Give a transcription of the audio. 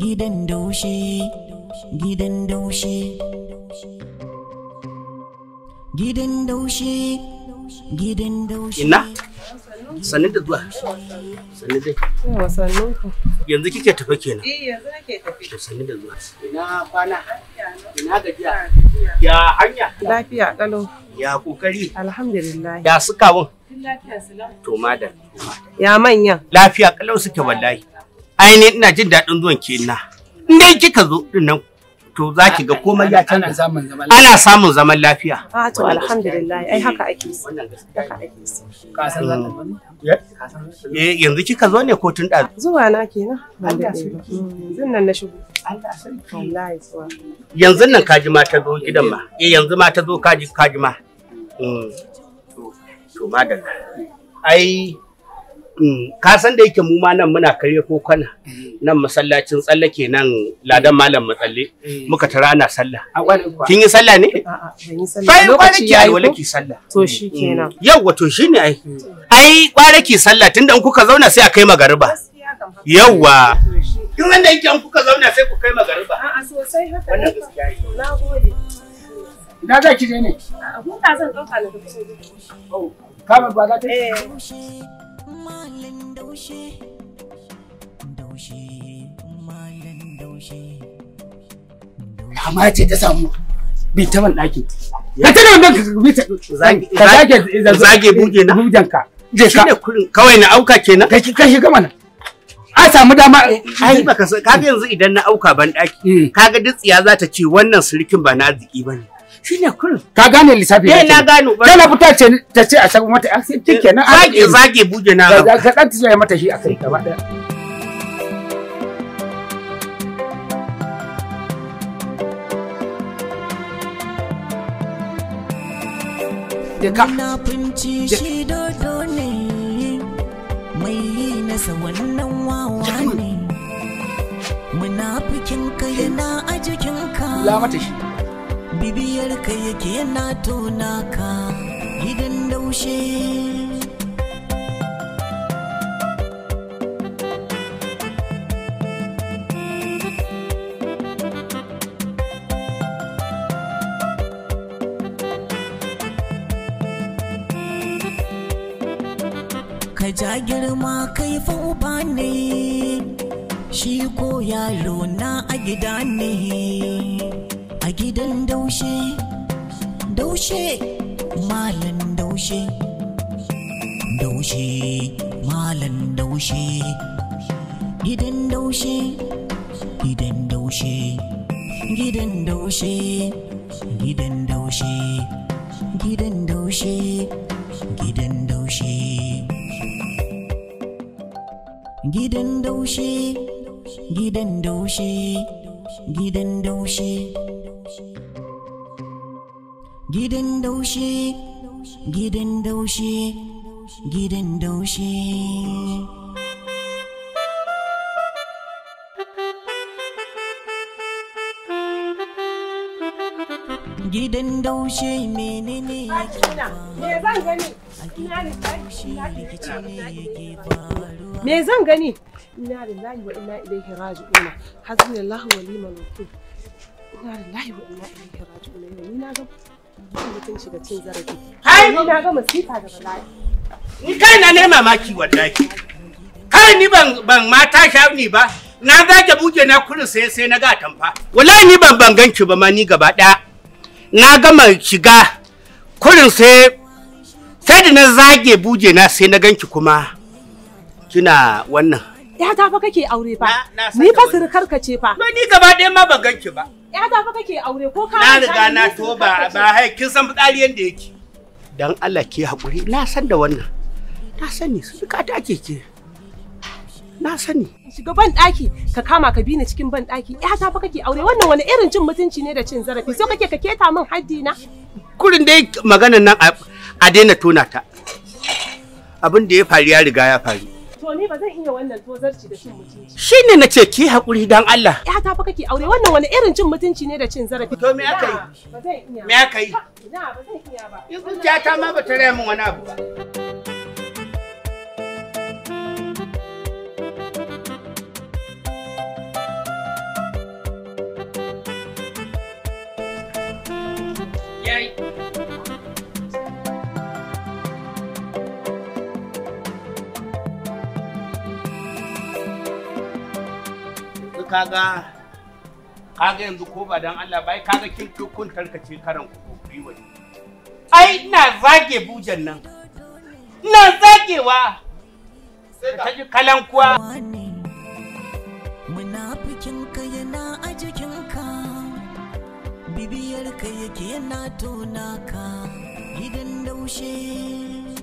gidan daushe gidan daushe gidan daushe gidan daushe ina sanin da zuwa sannin dai yawa sannin ku yanzu kike tafi kenan eh yanzu nake tafi to sanin da zuwa ina kwana ina gajiya ya hanya lafiya kalo ya kokari alhamdulillah ya su wun lafiya salam to madan ya manya lafiya kalau suke wallahi ainihin ina jin daɗin zuwan ke ina in kika zo dinnan to za ki ga komai ya canza ana samun zaman lafiya a ah, to alhamdulillah ai haka ake so haka ake so ka san mm. eh yanzu kika zo ne ko tun da zuwa na kenan ban da mm, yanzu nan na shigo Allah sarki wallahi zuwa yanzu nan kaji ma ta zo gidan ma eh yanzu ma ta zo kaji kaji ma mm. to to madalla ai Mm. ka san da yake mu ma nan muna karya ko kana mm. nan masallacin tsalle nan ladan malam matsalle mm. muka tara na sallah kin yi sallah ne a kwanaki yi sallah ki sallah to shikenan yawa to shine ai ai ki sallah tunda in kuka zauna sai a kai magariba yauwa in wanda yake an kuka zauna sai ku kai magariba a sosai haka wannan gaskiya nagode Ina za ki je ne? Huta zan ta samu Ka tana zage buge Je ka. Kawai na auka kenan. Ka shiga mana. a samu dama eh, eh, ai baka yanzu idan na auka ban eh. kaga dutsiya za ta ce wannan surikin ba na arziki bane shine kullum ka gane lissafi eh na gano ba kana fita ce ta ce a saka mata accident ah, kenan zage zage buge na ka dan tsaya mata shi akai gaba daya Muna fikin a jikinka. bibiyar ka yake yana tona ka gidan daushe ka ja girma kai fa uba ne shi ko yaro na a gida ne a gidan daushe daushe malam daushe daushe malam daushe gidan daushe gidan daushe gidan daushe gidan daushe gidan daushe gidan daushe gidan daushe gidan daushe gidan daushe gidan daushe gidan daushe gidan daushe gidan daushe menene yake me zan gani ina lillahi wa inna ilaihi raji'un hasbunallahu wa ni'mal wakeel wallahi wa inna ilaihi raji'un ni na ga mutum shiga cin zarafi hai ni na ga masifa da bala'i ni kai na ne mamaki wallahi kai ni ban ban mata shafni ba na zage buje na kurin sai sai na ga tamfa wallahi ni ban ban ganki ba ma ni gaba daya na gama shiga kurin sai sai da na zage buje na sai na ganki kuma kina wannan ya ta fa kake aure fa ni fa surkar ka ce fa ni gaba ɗaya ma ban ganki ba yata fa kake aure ko ka na riga na toba ba hai kin san fitsari yanda yake dan Allah ke haƙuri na san da wannan na sani su bukata ake ke na sani shiga ban daki ka kama ka bi cikin ban daki yata fa kake aure wannan wani irin cin mutunci ne da cin zarafi so kake ka keta min haddi na kurin dai maganar nan a daina tona ta abin da ya faru ya riga ya faru to ni ba zan iya wannan tozarci da cin mutunci. Shi ne na ce ki haƙuri don Allah. Ya ta fa kake aure wannan wani irin cin mutunci ne da cin zarafi. To me aka yi? Ba zan iya. Me aka yi? Ina ba zan iya ba. Yanzu ta ma ba ta raya min wani abu ba. kaga kaga yanzu ko ba dan Allah bai kaga kin kun tarkace karan ku ko biwa ai ina zage bujan nan ina zagewa sai ta ji kalan kuwa muna fikin ka yana a jikin ka bibiyar ka yake yana tona ka gidan daushe